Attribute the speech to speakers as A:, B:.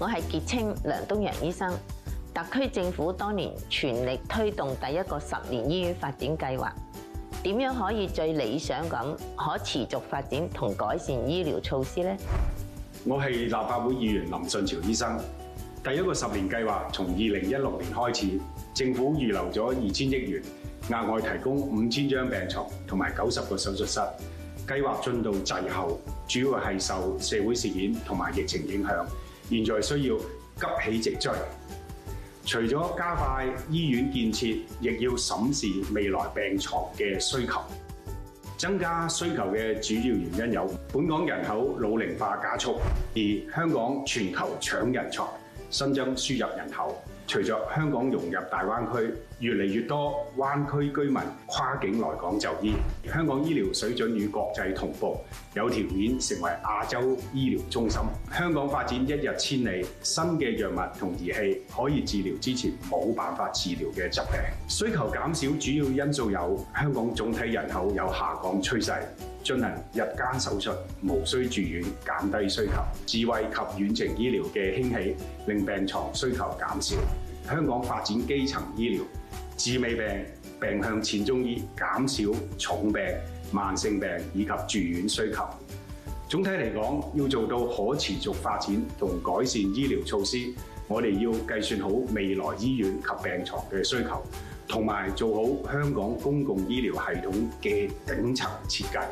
A: 我係傑青梁冬陽醫生。特區政府當年全力推動第一個十年醫院發展計劃，點樣可以最理想咁可持續發展同改善醫療措施呢？
B: 我係立法會議員林順潮醫生。第一個十年計劃從二零一六年開始，政府預留咗二千億元，額外提供五千張病床同埋九十個手術室。計劃進度滯後，主要係受社會事件同埋疫情影響。現在需要急起直追，除咗加快醫院建設，亦要審視未來病床嘅需求。增加需求嘅主要原因有：本港人口老齡化加速，而香港全球搶人才，新增輸入人口。隨着香港融入大灣區，越嚟越多灣區居民跨境來港就醫，香港醫療水準與國際同步，有條件成為亞洲醫療中心。香港發展一日千里，新嘅藥物同儀器可以治療之前冇辦法治療嘅疾病。需求減少，主要因素有香港總體人口有下降趨勢。進行日間手術，無需住院，減低需求。智慧及遠程醫療嘅興起，令病床需求減少。香港發展基層醫療，治未病，病向淺中醫，減少重病、慢性病以及住院需求。總體嚟講，要做到可持續發展同改善醫療措施，我哋要計算好未來醫院及病床嘅需求。同埋做好香港公共醫療系統嘅頂層設計。